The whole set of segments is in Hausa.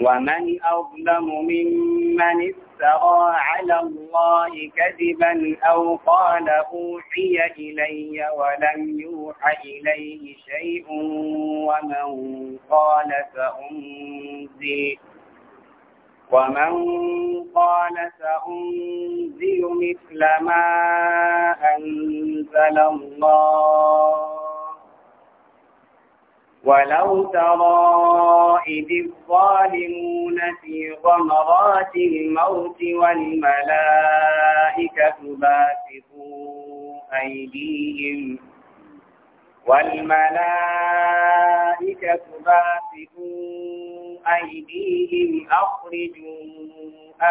ومن أظلم ممن افترى على الله كذبا أو قال أوحي إلي ولم يوحى إليه شيء ومن قال فأنزل ومن قال سأنزل مثل ما أنزل الله ولو ترى إذ الظالمون في غمرات الموت والملائكة باسطوا أيديهم والملائكة باسطوا أيديهم أخرجوا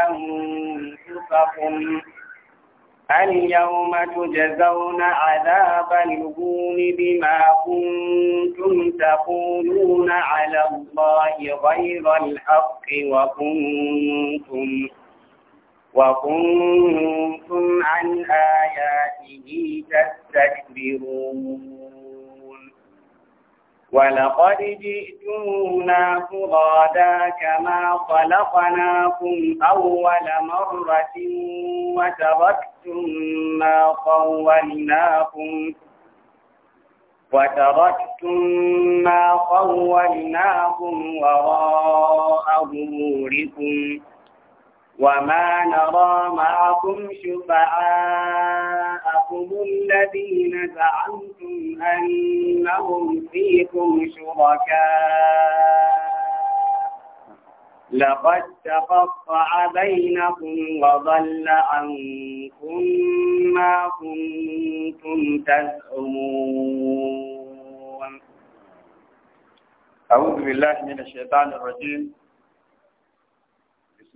أنفسكم اليوم تجزون عذاب الهون بما كنتم تقولون على الله غير الحق وكنتم وكنتم عن آياته تستكبرون ولقد جئتمونا فرادا كما خلقناكم أول مرة وتركتم ما خولناكم وتركتم ما خولناكم وراء ظهوركم وما نرى معكم شفعاءكم الذين زعمتم أنهم فيكم شركاء لقد تقطع بينكم وضل عنكم ما كنتم تزعمون أعوذ بالله من الشيطان الرجيم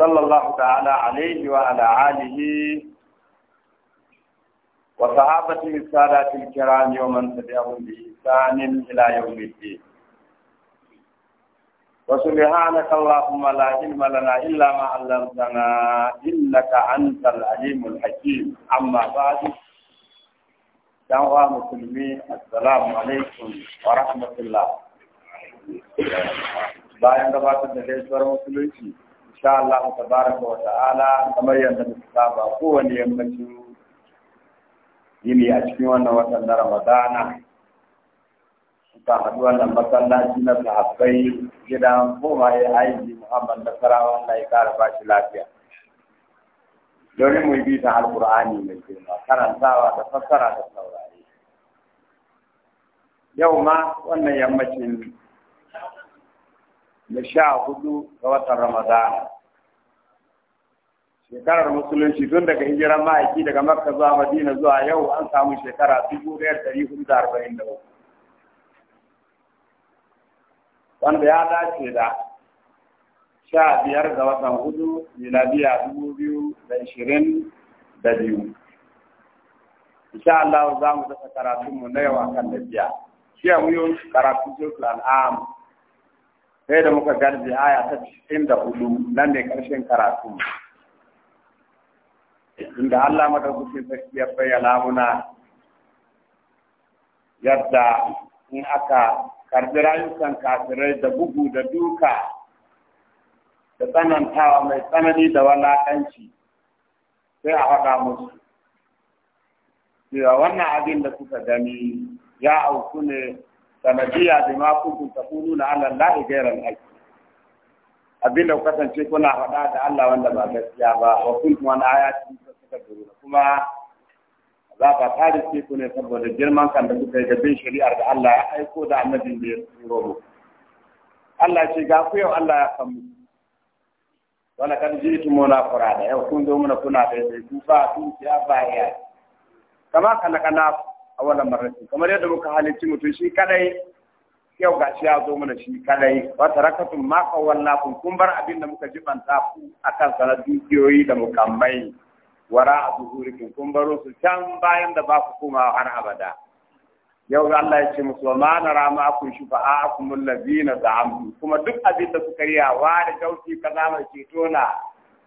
sallallahu ta'ala alaihi wa ala alihi wa sahabati sadati al-kiram wa man tabi'ahum bi ihsan ila lana illa ma 'allamtana innaka antal alimul hakim amma ba'du dan wa muslimi assalamu alaikum wa rahmatullah bayan gabatar da gaisuwar musulunci insha Allah tabaraka wa ta'ala kamar yadda muka saba kowane yammacin yini a cikin wannan watan na Ramadana suka haɗu wannan masallaci na sahabbai gidan koma ya aiki Muhammad da Sarawa Allah ya kara ba shi lafiya domin mu bi ta alkur'ani mai girma karantawa da fassara da saurari yau ma wannan yammacin da sha hudu ga watan Ramadana. Shekarar Musulunci tun daga hijiran ma'aiki daga Makka zuwa Madina zuwa yau an samu shekara dubu ɗaya ɗari hudu da arba'in da uku. Wanda ya dace da sha biyar ga watan hudu miladiya dubu biyu da ishirin da biyu. Insha Allah za mu dasa karatunmu na yau kan lafiya. Shi a muyo karatu Jotul Al'amu. sai da muka garbi aya ta cikin da hudu nan ne karshen karatu inda Allah madaukakin sarki ya bayyana muna yadda in aka karbi rayukan kafirai da bugu da duka da tsanantawa mai tsanani da walaƙanci sai a faɗa musu cewa wannan abin da kuka gani ya auku ne sanadiyya da ma kuntum taquluna da allahi ghayra aiki. abin da kasance kuna faɗa da Allah wanda ba gaskiya ba wa kuma na ayati tastakbiruna kuma za ka tare ce ku ne saboda girman kan da kuka yi ga bin shari'ar da Allah ya aiko da annabin da ya turo mu Allah ce ga ku yau Allah ya san mu wala kan ji tu mona da yau kun zo muna kuna da ku ba su ya ba ya kama kana kana wannan marrati kamar yadda muka halicci mutum shi kadai yau ga shi ya zo mana shi kadai wa tarakatun ma qawallakum kun bar abin da muka jibanta ku akan sana dukiyoyi da mukammai wara zuhurikum kun baro su can bayan da ba ku koma har abada yau Allah ya ce musu ma na rama kun shi fa'a zina da za'amtu kuma duk abin da suka yi wa da gauti ka zama ceto na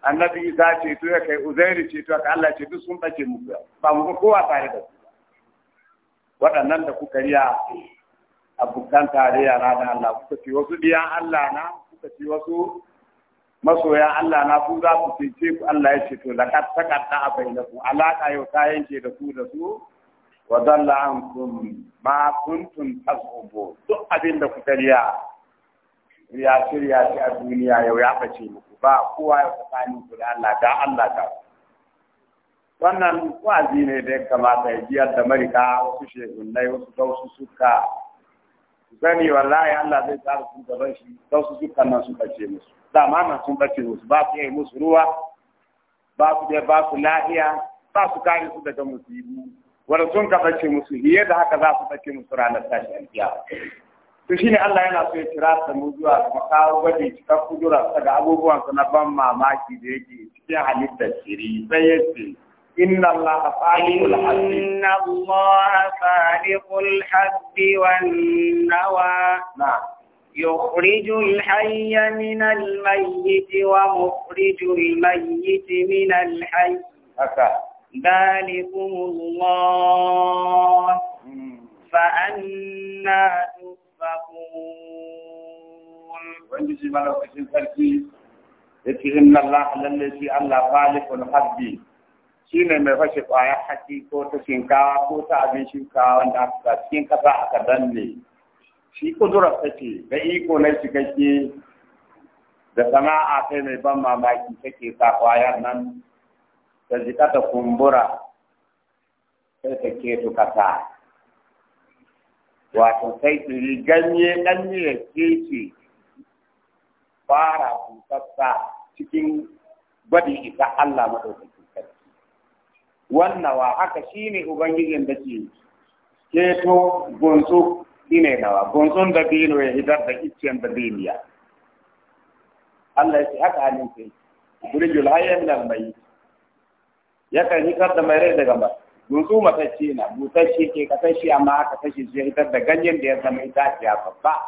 annabi Isa ceto ya kai Uzairu ceto ka Allah ce duk sun bace musu ba mu kowa tare da su waɗannan da kuka riya abokan tarayya na da Allah kuka ce wasu biyan Allah na kuka ce wasu masoya Allah na ku za ku cece ku Allah ya ce to laqad taqatta a ku alaka yau ta yanke da ku da su wa dalla ankum ma kuntum tasubun duk abin da kuka riya riya shirya shi a duniya yau ya bace muku ba kowa ya tsakanin ku da Allah da Allah ta. ku wannan wazi ne da kamata ya jiyar da marika wasu shekunai wasu dausu suka sani wallahi Allah zai tsara sun gaban shi dausu suka nan sun bace musu dama nan sun bace musu ba su yi musu ruwa ba su da ba su lafiya, ba su kare su daga musibu wanda sun ka bace musu hiye da haka za su bace musu ranar tashi alfiya to shine Allah yana so ya kira ta mu zuwa ka kawo gwaji cikakku dura daga abubuwan na ban mamaki da yake cikin halittar shiri sai ya ce إن الله فالق الحب إن الله فالق الحب والنوى نعم يخرج الحي من الميت ومخرج الميت من الحي ذلكم الله فأنا تؤفكون وإن الله الذي الله خالق الحب shi ne mai fashe ƙwayar haki ko ta shinkawa ko ta abin shinkawa wanda aka cikin ƙasa aka danne shi kudurar take da iko na cikakke da sana'a sai mai ban mamaki take sa ƙwayar nan ta jika ta kumbura sai ta keto ƙasa wato sai tsiri ganye ɗanye ya kece fara busassa cikin gwadi isa Allah maɗaukaki wannawa haka shi ne ubangijin da ke keto gonso shine nawa gonson da dino ya hidar da iccen da diniya Allah ya ce haka halin sai burjul hayyan nan mai yakan hidar da mai rai daga ba gonso matacce na butacce ke kasashe amma aka kashe shi hidar da ganyen da ya zama itaciya babba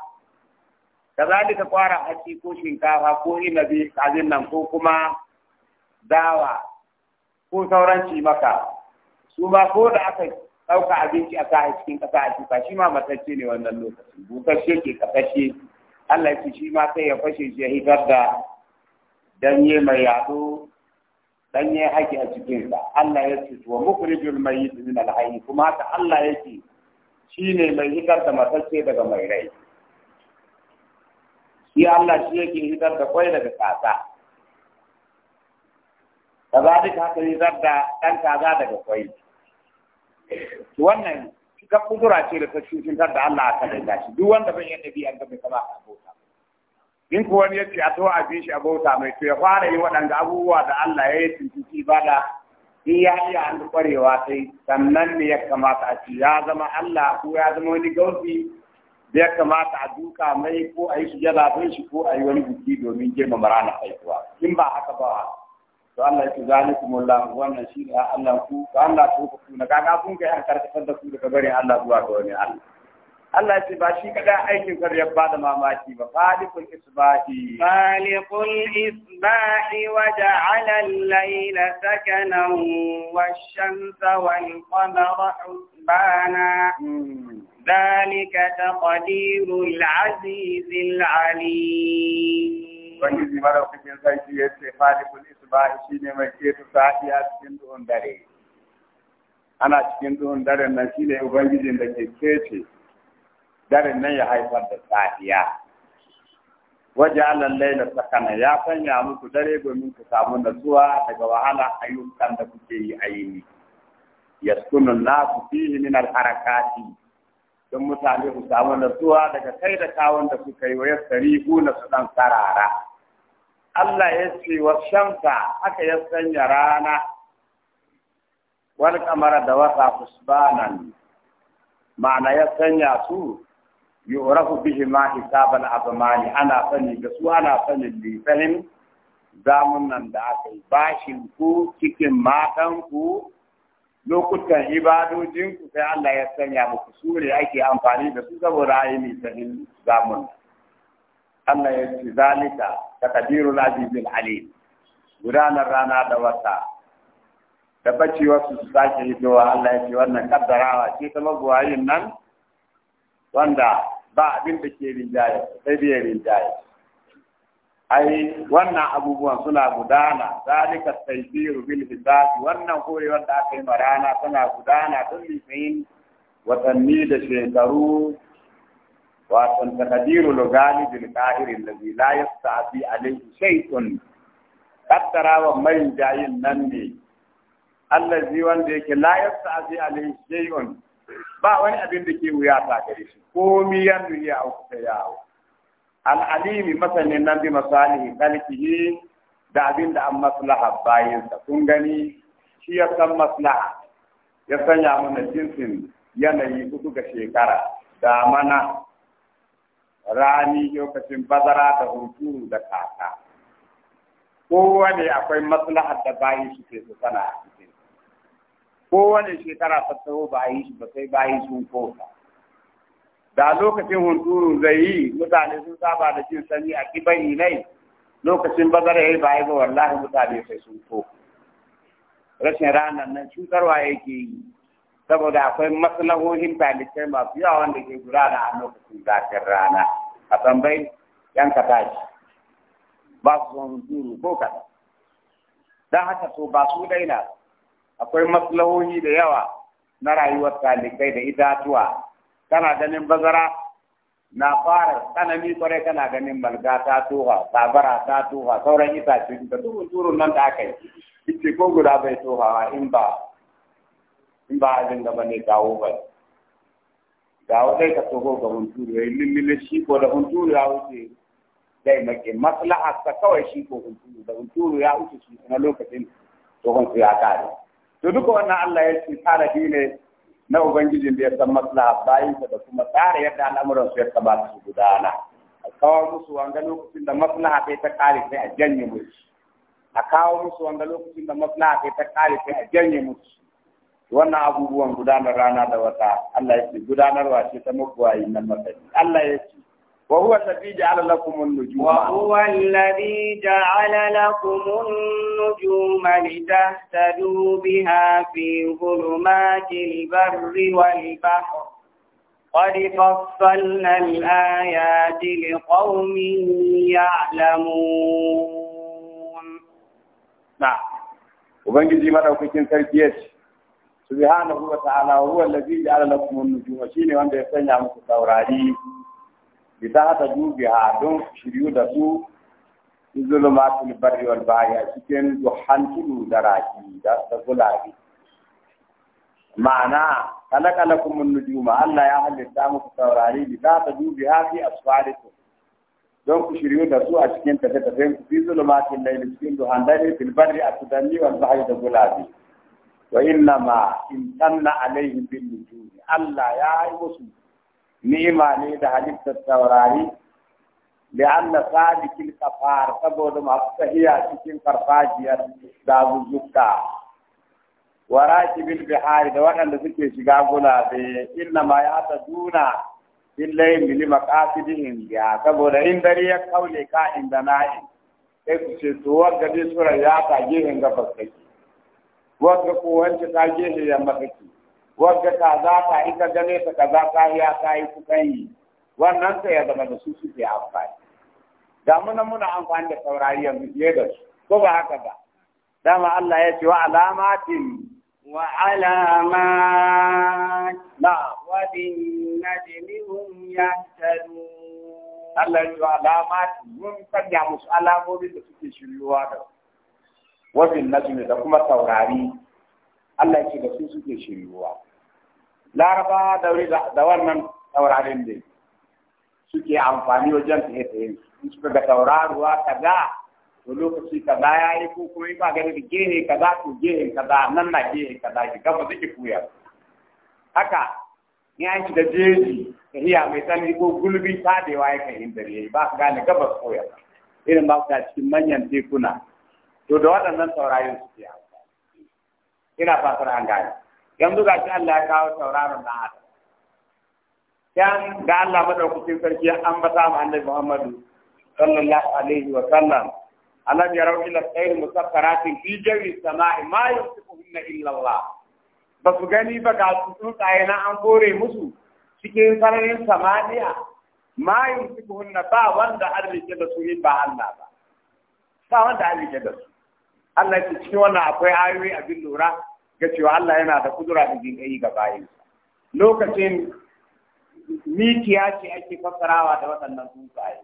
kazalika kwara haci ko shinkafa ko inabi kazin nan ko kuma dawa ko sauranci maka su ma ko da aka ɗauka abinci a sa cikin ƙasa a cikin shi ma matacce ne wannan lokacin busasshe ke ƙasashe Allah ya shi ma sai ya fashe shi ya hitar da danye mai yaɗo danye haƙi a cikinsa Allah ya ce wa mukrijul mayyit min al-hayy kuma ta Allah ya ce shi ne mai hitar da matacce daga mai rai shi Allah shi yake hitar da kwai daga kasa da za duka haka zarda ɗan kaza daga kwai wannan ka kudura ce da ta cutar da Allah a kan da shi duk wanda bai yadda biyan an mai kama a bauta in wani yake a towa a bi shi a bauta mai to ya fara yi waɗanda abubuwa da Allah ya yi tuntuci bada in ya iya an kwarewa sai sannan ne ya kamata a ci ya zama Allah ko ya zama wani gauzi da ya kamata a duka mai ko a yi su don shi ko a yi wani biki domin girmama ranar haihuwa in ba haka ba to Allah ya zalikum Allah wannan shi ne Allah ku to Allah ku ku na kaga kun kai an karkatar da ku daga barin Allah zuwa ga wani Allah Allah ce ba shi kada aikin kar ya bada mamaki ba falikul isbahi falikul isbahi wa ja'ala al-layla sakanan wash-shamsa wal-qamara husbana ذلك تقدير العزيز العليم. وإذ مرة في الزيت يتفادق shi ne mai ceto safiya cikin duhun dare ana cikin duhun daren nan shine ubangijin da ke kece daren nan ya haifar da safiya waje lallai laila sakana ya sanya muku dare domin ku samu natsuwa daga wahala ayyukan da kuke yi a yini yaskunu nasu fihi min alharakati don mutane ku samu natsuwa daga kai da kawon da suka yi wa yasari na su dan sarara Allah ya ce wa shamsa haka ya sanya rana wal kamara da wata fusbanan ma'ana ya sanya su yu'rafu bihi ma hisabal abmani ana sani da su ana sani bi fahim zamun nan da aka yi bashin ku cikin matan ku lokutan ibadojin ku sai Allah ya sanya muku sure ake amfani da su saboda ayi nisanin zamun nan Allah ya ce zalika takdirul azizul alim gudanar rana da wata da wasu su sake hidowa Allah ya ce wannan kaddarawa ce ta magoyin nan wanda ba abin da ke rinjaye sai da rinjaye ai wannan abubuwan suna gudana zalika taysiru bil hisab wannan kore wanda aka yi marana suna gudana tun litinin watanni da shekaru wato takadiru lugani bil qahir alladhi la yasta'fi alayhi shay'un kaddara wa mai jayin nan ne allazi wanda yake la yasta'fi alayhi shay'un ba wani abin da ke wuya ta gare shi komi ya duniya a kusa yawo al'alimi masanin nan bi masalihi kalkihi da abin da an maslaha bayansa kun gani shi ya san maslaha ya sanya mana jinsin yanayi hudu ga shekara Da mana. rani lokacin bazara da hunturu da kaka kowane akwai maslahar da bayi suke su sana a cikin kowane shekara ta tsawo ba yi shi ba sai bayi sun kosa da lokacin hunturu zai yi mutane sun saba da jin sanyi a kibani nai lokacin bazara ya yi ba yi ba wallahi mutane sai sun kosa rashin ranar nan cutarwa yake yi saboda akwai maslahohin talibai masu yawa wanda ke gudana a lokacin zafin rana a tambayi yan ka tashi ba su son zuru ko kaɗan don haka to ba su daina akwai maslahohi da yawa na rayuwar talibai da itatuwa kana ganin bazara na fara tsanani kwarai kana ganin malga ta toha sabara ta toha sauran itace da duhun turun nan da aka yi ko guda bai tohawa in ba in ba abin da bane dawo ba dawo dai ka togo ga hunturu ya lullule shi ko da hunturu ya wuce dai make maslaha ta kawai shi ko hunturu da hunturu ya wuce shi na lokacin tsohon su ya kare to duka wannan Allah ya ce biyu ne na ubangijin da ya san maslaha sa da kuma tsara yadda al'amuran su ya taba su gudana a kawo musu wanga lokacin da maslaha bai ta kare sai a janye musu a kawo musu wanga lokacin da maslaha bai ta kare sai a janye musu wannan abubuwan gudanar rana da wata Allah ya ce gudanarwa ce ta mabuwayi na matsayi Allah ya ce وهو الذي جعل لكم النجوم وهو الذي جعل لكم النجوم لتهتدوا بها في ظلمات البر والبحر قد فصلنا الآيات لقوم يعلمون نعم وبنجي ما لو كنت تركيش subhanahu wa ta'ala huwa allazi ja'ala lakum an-nujuma shine wanda ya sanya muku taurari bi ta ta dubiha don shiryu da su zulumatul barri wal bahri a da raki da gulabi ma'ana khalaqa lakum an-nujuma Allah ya halitta muku taurari bi ta ta dubiha fi don ku da su a cikin tafe-tafen ku fi zulumatul layli cikin duhan dare barri a tudanni da gulabi wa inna ma in tanna alaihim bin nujum Allah ya yi musu ni'ima ne da halittar taurari لأن ذلك الكفار saboda masu فهي cikin farfajiyar dazuzzuka وراكب bihari da waɗanda suke shiga gulabe inna ma ya ta duna illai mili maqasidin ya saboda in dare ya kaule ka inda na'in sai ku ce to wagga dai sura ya ta gehen ga fasaki wanda ko wanda ta gehe yamma take wanda kaza ta ita gane ta kaza ta ya ta yi kukan yi wannan ta ya zama da su suke amfani da muna muna amfani da saurari yanzu fiye da su ko ba haka ba dama Allah ya ce wa alamatin wa alamat na wa bin najmihum yahtadun Allah ya ce wa alamatin mun sanya musu alamomin da suke shirluwa da su wafin najmi da kuma taurari Allah ce da su suke shiryuwa laraba da wannan taurarin ne suke amfani wajen ta hita yin su ka ga tauraruwa kaza to lokaci kaza ya yi ko kuma ba gani da gehe ka za to gehe kaza nan na gehe za ki gaba suke kuyar haka ni an da jeji hiya mai sani, ko gulbi ta da yawa ya kan yin dare ba su gane gabas koyar irin ba ka cikin manyan tekuna to da waɗannan taurarin su ke ina fatar an gane yanzu ga shi Allah ya kawo tauraron na Adam yan da Allah madaukakin sarki ya ambata mu annabi Muhammadu sallallahu alaihi wa sallam alam yarau ila khair musaffaratin fi jawi samai ma yumsikuhunna illa Allah ba su gani ba ga su na an kore musu cikin sararin samaniya ma yumsikuhunna ba wanda arzike da su ba Allah ba ba wanda arzike da su Allah ya cikin wannan akwai ayoyi abin lura ga cewa Allah yana da kudura da jinkai ga bayin lokacin mikiya ce ake fassarawa da waɗannan tsuntsaye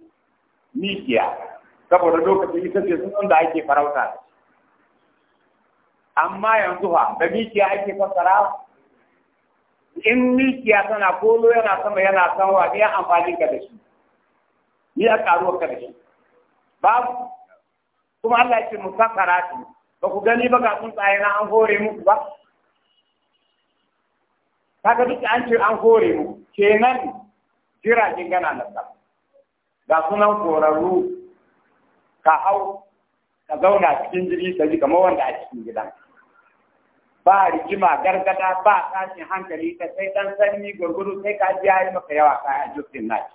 mikiya saboda lokacin ita ce tsuntsun da ake farauta amma yanzu ha da mikiya ake fassarawa in mikiya tana kolo yana sama yana sanwa ne amfani ka da shi ni a karuwa ka da shi babu kuma Allah ya ce mu ba ku gani ba ga tsuntsaye na an hore muku ba kaga duk an ce an hore mu kenan jiragen gana na sa ga sunan korarru ka hau ka zauna cikin jiri ka ji kamar wanda a cikin gidan ba rikima gargada ba tashin hankali ka sai dan sanyi gurguru sai ka ji yayi maka yawa a jukin naki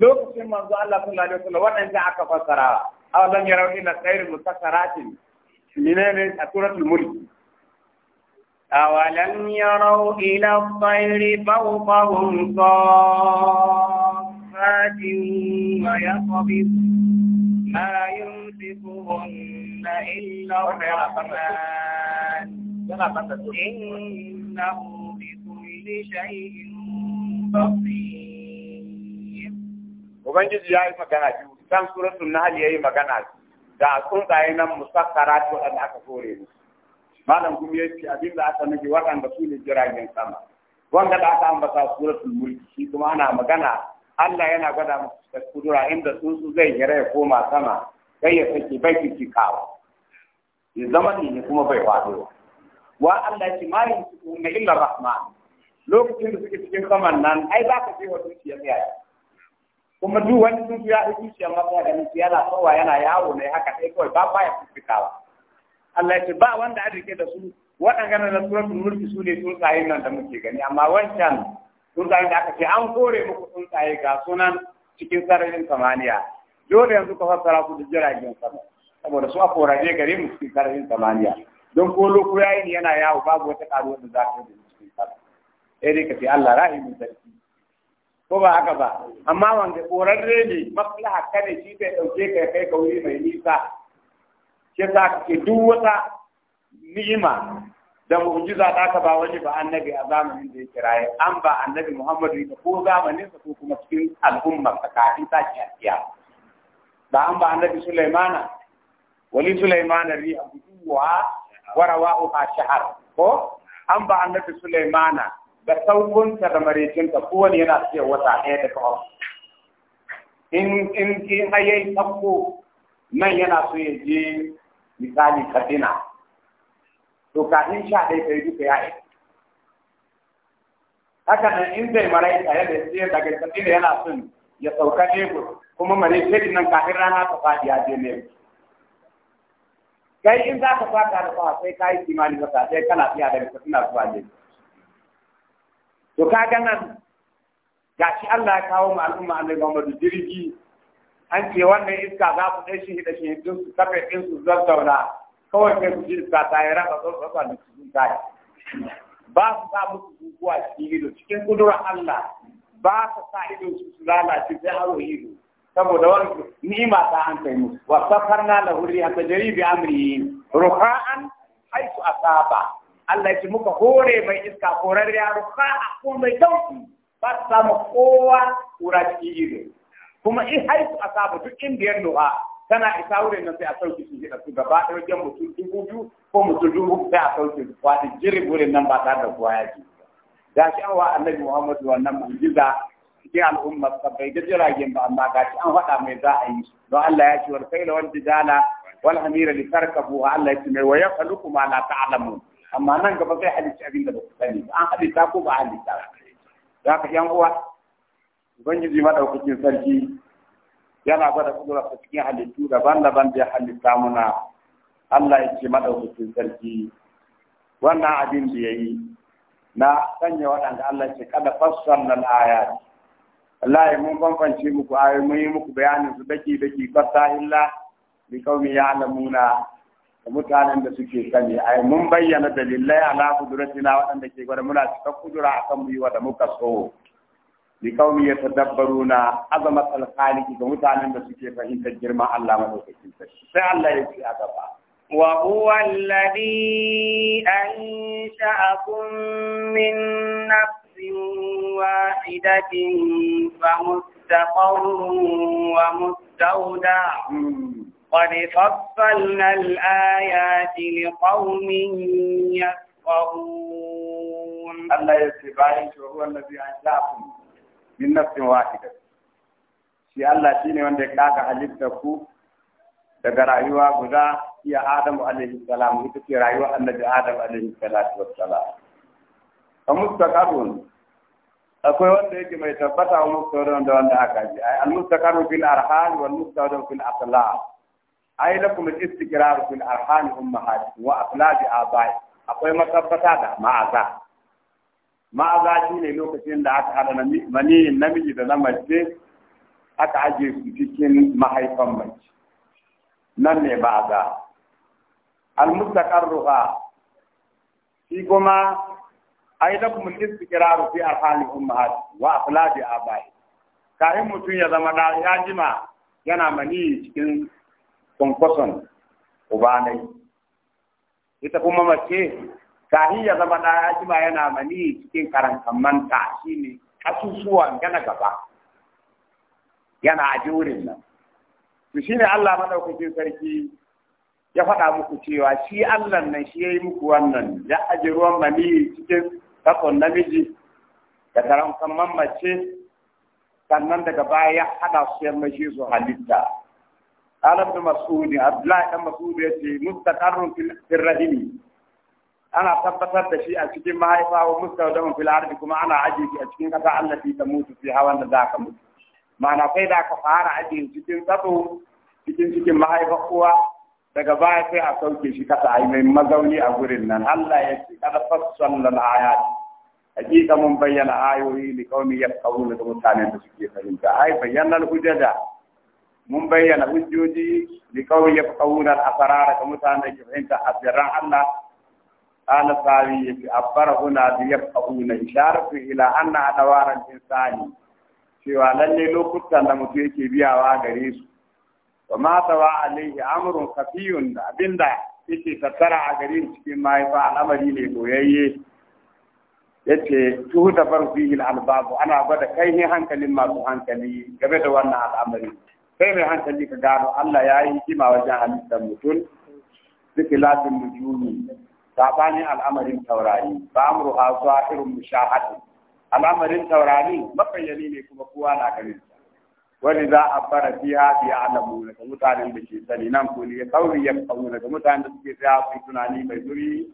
lokacin manzo Allah sallallahu alaihi wasallam waɗanda aka fassara أولم يروا إلى الطير مسخرات من سورة الملك أولم يروا إلى الطير فوقهم صافات ويقبض ما يمسكهن إلا الرحمن إنه بكل شيء بصير وبنجي جاي مكانه can suratul nahl yayi magana da tsuntsaye nan musakkaratu waɗanda aka kore ni. malam kuma yace abin da aka nufi waɗanda su ne jiragen sama wanda da aka ambata suratul mulki shi kuma ana magana Allah yana gwada musu kudura inda tsuntsu zai yare ya koma sama kai ya sake bai kiki kawo ya zama ne kuma bai faɗo wa Allah ce ma yin su illa rahman lokacin da suke cikin saman nan ai za ka je wa zuciya tsaya kuma duk wani sun ya yi zuciya masa ya su, yana tsawa yana yawo ne haka sai kawai ba ba ya fifikawa Allah ya ce ba wanda an da su waɗanda na suratul mulki su ne tsuntsaye nan da muke gani amma wancan tsuntsayen da aka ce an kore muku tsuntsaye ga sunan cikin sararin samaniya dole yanzu ka fassara ku da jiragen sama saboda su a korage gare mu cikin sararin samaniya don ko loko yayin yana yawo babu wata karuwa da za ta yi cikin sama sai dai ka ce Allah rahimin sarki ko ba haka ba amma wanda korarre ne maslaha kane shi zai ɗauke kai kai ka wuri mai nisa shi yasa ke duk wata ni'ima da mu'jiza da ka ba wani ba annabi a zamanin da ya kiraye an ba annabi Muhammadu ne ko zamanin sa ko kuma cikin al'umma tsakanin ta kiyaye ba an ba annabi Sulaimana wali Sulaimana ri abuwa warawa uha shahar ko an ba annabi Sulaimana da ta da ko kowane yana cewa wata ɗaya da kawai in in ki hayayi sauko nan yana so ya je misali kadina to in sha ɗaya sai duka ya yi haka nan in zai maraita yadda ya daga kadina yana son ya sauka lebur kuma marecin nan kafin rana ta faɗi ya je ne. kai in za ka fata da fa sai ka yi kimanin wata sai kana fiya da suna zuwa lebur to ka kaga nan shi Allah ya kawo mu al'umma annabi Muhammadu jirgi an ce wannan iska za ku dai shi da shi din su kafe din su zazzauna kawai sai ku ji iska ta yi raba tsotsa da cikin kai ba su sa musu guguwa cikin ido cikin kudura Allah ba su sa ido su su lalace sai haro ido saboda wani ni'ima ta an kai mu wa safarna lahu rihan tajri bi amri ruha'an haythu asaba Allah ya muka hore mai iska horar yaro a kuma mai dauki ba sa samu kowa kura ciki ido kuma in haifu a samu duk indiyar duha tana isa wurin nan sai a sauke su da su gaba da wajen mutum dubu biyu ko mutum dubu sai a sauke su wata jirin wurin nan ba ta da kowa ya ji da shi an wa annabi muhammadu wannan mu'jiza cikin al'umma, ta bai da jiragen ba amma ga shi an faɗa mai za a yi don Allah ya wani kai da wani jidala wani hamira li tarkabu Allah ya ci mai wa yakhluqu na la amma nan gaba sai halitta abin da ba ku sani ba an halitta ko ba halitta ba ka yan uwa ubangiji madaukakin sarki yana gwada kudura ta cikin halittu daban-daban da halitta muna Allah ya ce madaukakin sarki wannan abin da yayi yi na sanya waɗanda Allah ce kada fassar nan ayat wallahi mun bambance muku ayoyi mun yi muku bayanin su daki daki fasahilla bi kaumi ya'lamuna mutanen da suke sani ai mun bayyana dalilai ala kudratina waɗanda ke gwada muna cikin kudura akan mu yi wa da muka so li kaumi yatadabbaruna na al-khaliq ga mutanen da suke fahimtar girman Allah madaukakin sarki sai Allah ya ce a gaba وهو الذي أنشأكم من نفس واحدة فمستقر ومستودع قد فصلنا الآيات لقوم يفقهون الله يتبعي وهو الذي أنشأكم من نفس واحدة shi Allah shi ne wanda ya kaga halitta ku daga rayuwa guda iya Adamu alaihi salam ita rayuwa annabi Adam alaihi salatu wassalam fa akwai wanda yake mai tabbata wa mustaqarrun wanda aka ji al mustaqarru fil arham wal mustaqarru fil aqlab ai lakum al-istiqrar fil arham ummahat wa aflad abai akwai matabbata da ma'aza ma'aza shine lokacin da aka hada mani namiji da na mace aka aje su cikin mahaifan mace nan ne ba'aza al-mustaqarruha shi kuma ai lakum al-istiqrar fi arham ummahat wa aflad abai kai mutum ya zama da ya jima yana mani cikin kwankwason ubanai ita kuma mace kahi ya zama da ya jima yana mani cikin karankan manta shine kasusuwan gana gaba yana a jurin nan to shi ne Allah madaukakin sarki ya faɗa muku cewa shi Allah nan shi yayi muku wannan ya ajiye ruwan mani cikin kakon namiji da mace mace sannan daga baya ya haɗa su yamma shi su halitta قال ابن مسعود عبد الله بن مسعود يتي مستقر في الرحم انا tabbatar da shi a cikin mahaifa wa mustawdamun fil ardi kuma ana aje a cikin kasa allati tamutu fi hawan da zaka mutu ma'ana kai da ka fara aje cikin tsatso cikin daga baya sai a sauke shi kasa "A mai mazauni a gurin nan Allah ya ce kada fassala ayat hakika mun bayyana ayoyi li qaumi yafqahuna da mutanen da suke fahimta ai bayyanan al-hujja mun bayyana hujjoji li kawai ya a asarara ga mutanen ke fahimta tsirran Allah ana sawi ya fi abbara huna bi ya kawuna sharfi ila anna adawaran insani cewa lalle lokutan da mutum yake biyawa gare su wa ma tawa alaihi amrun kafiyun da abinda yake tattara a gare cikin mahaifa al'amari ne boyayye yace tuhu da farfihil albabu ana gwada kai hankalin masu hankali game da wannan al'amari Sai mai hankali ka gano Allah ya yi hikima wajen halittar mutum zikilafin mujuni sabanin al'amarin taurari ba amru ha zuwa irin mushahadin al'amarin taurari mafayyani ne kuma kowa na ganin wani za a fara fiha bi alamu daga mutanen da ke sani nan ko ne kauri ya kawo daga mutanen da suke tsaya su tunani mai duri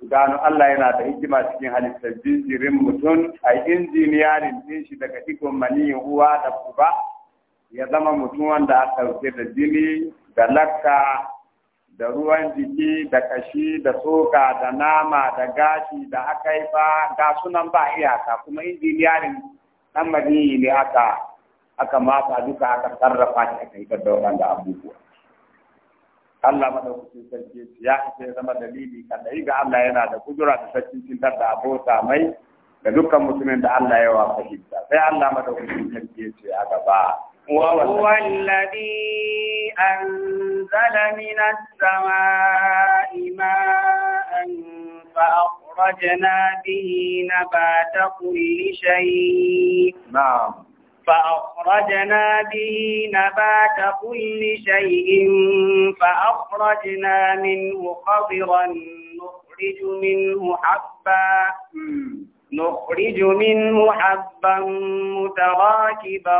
su gano Allah yana da hikima cikin halittar jinjirin mutum a injiniyarin ɗin shi daga ikon maniyin uwa da kuba ya zama mutum wanda aka rufe da jini da lakka da ruwan jiki da kashi da tsoka da nama da gashi da aka ba ga sunan ba iyaka kuma injiniyarin dan madini ne aka aka mata duka aka sarrafa shi aka yi da da abubuwa Allah madaukakin sarki ya ce zama dalili kadai ga Allah yana da kudura da sarkin da abota mai da dukkan mutumin da Allah ya wa fahimta sai Allah madaukakin sarki ya ce a gaba وهو الذي أنزل من السماء ماء فأخرجنا به نبات كل شيء نعم فأخرجنا به نبات كل شيء فأخرجنا منه خضرا نخرج منه حبا نخرج منه حبا متراكبا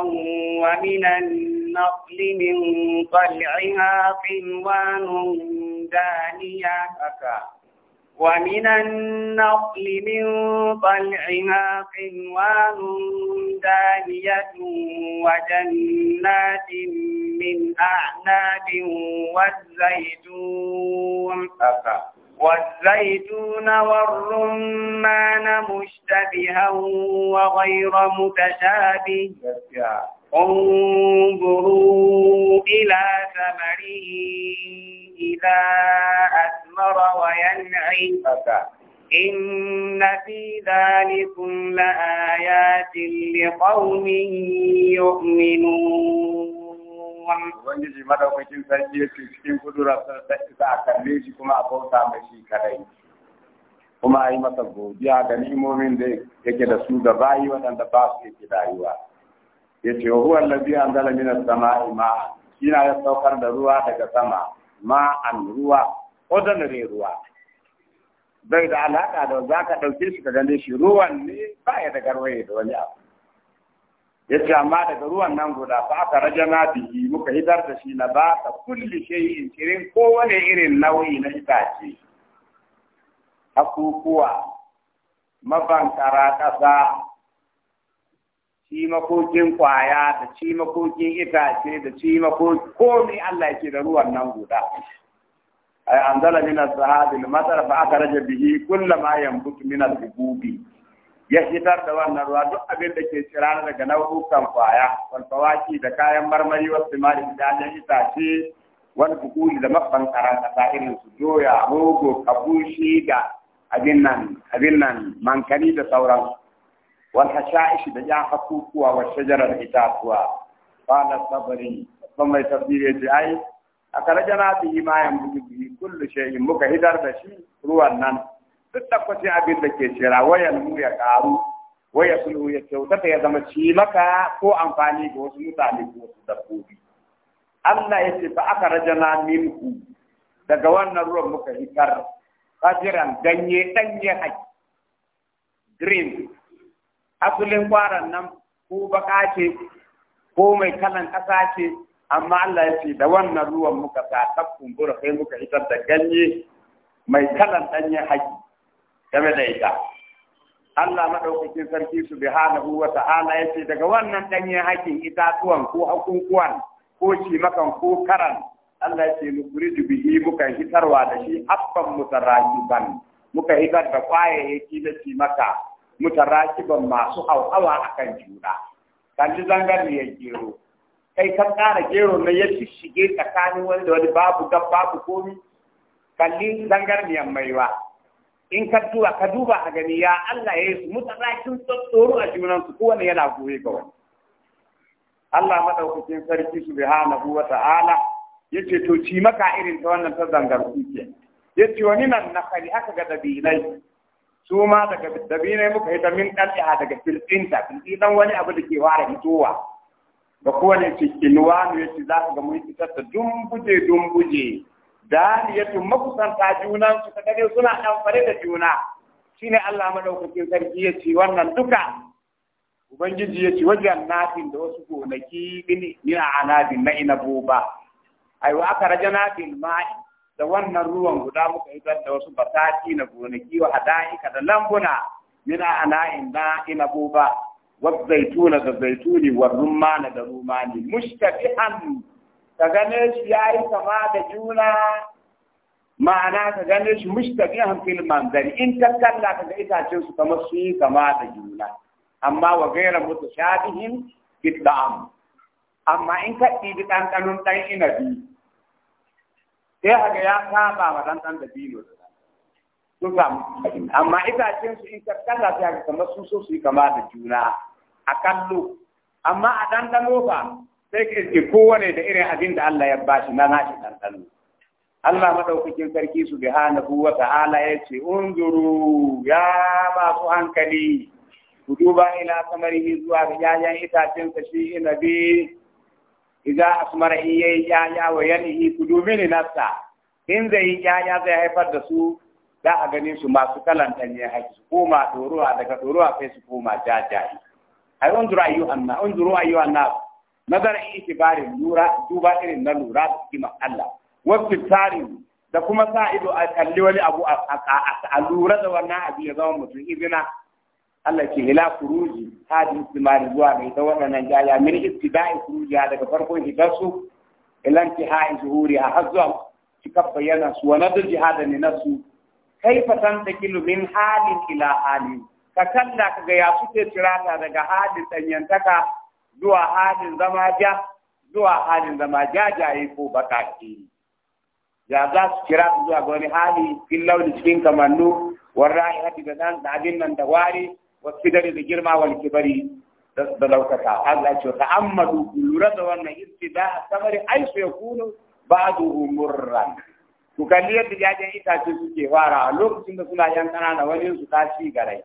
ومن النخل من طلعها قنوان دانية ومن النخل من طلعها قنوان دانية وجنات من أعناب والزيتون أكا. والزيتون والرمان مشتبها وغير متشابه انظروا إلى ثمره إذا أثمر وينعي إن في ذلكم لآيات لقوم يؤمنون wani ubangiji madaukakin sarki ce cikin kudura ta isa a kalle shi kuma a bauta mai shi kadai kuma a yi masa godiya ga nimomin da yake da su da bayi waɗanda ba su yake rayuwa ya ce wa huwa an zala minas sama'i ma'a shina ya saukar da ruwa daga sama ma an ruwa ordinary ruwa bai da alaƙa da za ka ɗauke shi ka gane shi ruwan ne ba ya da garwaye da wani abu yace amma daga ruwan nan guda fa aka rajana bihi muka hidar da shi na ba ta kulli in kirin kowane irin nau'i na itace akukuwa mabankara ƙasa ci makokin kwaya da ci makokin itace da ci makokin komai Allah yake da ruwan nan guda ay anzala min az-zahabi al-matar fa akhraja bihi kullama yanbutu min al-hububi ya hitar da wannan ruwa duk abin da ke tsirana daga nau'ukan kwaya kwalfawaki da kayan marmari wasu simari da ɗan itace wani bukuli da mabankaran ƙasa irin su doya rogo kabushi ga abin nan abin nan mankani da sauran wal hashaishi da ya hakukuwa wa shajarar itatuwa qala sabri babban mai tafsiri ji ai akalajana yi ma yambuji kullu shay'in muka hidar da shi ruwan nan duk da abin da ke shira wayan ya karu waya sulhu ya kyautata ya zama ci maka ko amfani ga wasu mutane ko wasu dabbobi Allah ya ce fa aka rajana minku daga wannan ruwan muka hitar fajiran ganye danye haki green asulin kwaran nan ko baka ce ko mai kalan ƙasa ce amma Allah ya ce da wannan ruwan muka sa ta kumbura muka hitar da ganye mai kalan danye haki game da ita Allah madaukakin sarki subhanahu wa ta'ala yace daga wannan ɗanyen hakin itatuwan ko hakunkuwan ko cimakan ko karan Allah yace nukuriju bihi muka hitarwa da shi abban mutarakiban muka hitar da kwayayyaki na cimaka mutarakiban masu hauhawa akan juna kan ji zangar ne ya gero kai kan ƙara gero na ya shige tsakanin wani da wani babu gab babu komi kalli zangarniyar maiwa in ka duba ka duba a gani ya Allah ya yi su mutarakin tsoro a junansu kowane yana goye ga wani Allah madaukakin sarki su hana wa ta'ala ce to ci maka irin ta wannan ta zangar kuke ce wani nan na kari haka ga dabinai su ma daga dabinai muka yi damin min daga filtinta filtin wani abu da ke fara hitowa. Ba kowane cikin wani ce za ka ga mun fitar da dumbuje dumbuje daniyatu makusanta junan su kaga suna amfani da juna shine Allah madaukakin sarki ya ce wannan duka ubangiji ya ce wajen nafin da wasu gonaki bini ni a anabin na ai wa aka raja nafin ma'i da wannan ruwan guda muka yi da wasu bataki na gonaki wa hada'ika da lambuna min ana ana'in ina boba. wa zaituna da zaituni wa rumana da rumani mushtabihan ka gane shi ya yi kama da juna ma'ana ka gane shi mushtabihan fil manzari in ta kalla ka ga itacen su kamar su yi kama da juna amma wa gaira mutu fil da'am amma in ka ɗibi ɗanɗanon ɗan inabi sai haka ya saba wa ɗanɗan da bino sun samu amma itacen su in ka kalla sai haka kamar su so su yi kama da juna a kallo amma a ɗanɗano ba sai ka iske kowane da irin abin da Allah ya bashi na nashi ɗanɗano Allah maɗaukakin sarki su bi hana wa ta'ala ya ce unzuru ya masu hankali ku duba ila samarihi zuwa ga yayan itacensa shi inabi idan asmara iyayi yaya wa yanihi ku dubi ni nasta, in zai yi yaya zai haifar da su za a ganin su masu kalan ɗanye haƙi su koma ɗoruwa daga ɗoruwa sai su koma jajaye ai unzuru ayyuhan na unzuru ayyuhan na nazarin itibarin lura duba irin na lura da kima Allah wasu tarin da kuma sa ido a kalli wani abu a lura da wannan abu ya zama mutum izina Allah ke ila kuruji hadin istimari zuwa mai ta waɗannan jaya min istibai kuruji daga farkon hidarsu ilan in zuhuri a har zuwa cika bayyana su wa nadar jihada ne nasu kai fatan ta kilo min halin ila halin ka kalla ka ga ya suke tirata daga halin ɗanyantaka zuwa halin zama ja zuwa halin zama jajaye ko bakaki ya za su kira su zuwa gani wani hali fil launi cikin kamannu war ra'ihati da dan dadin nan da wari wasu dare da girma wal kibari da laukaka Allah ce ta ammadu lura da wannan ibtida samari aisu yakunu ba'du murran ku kalli yadda jajen itace suke fara lokacin da suna yan ƙanana wani su tashi garai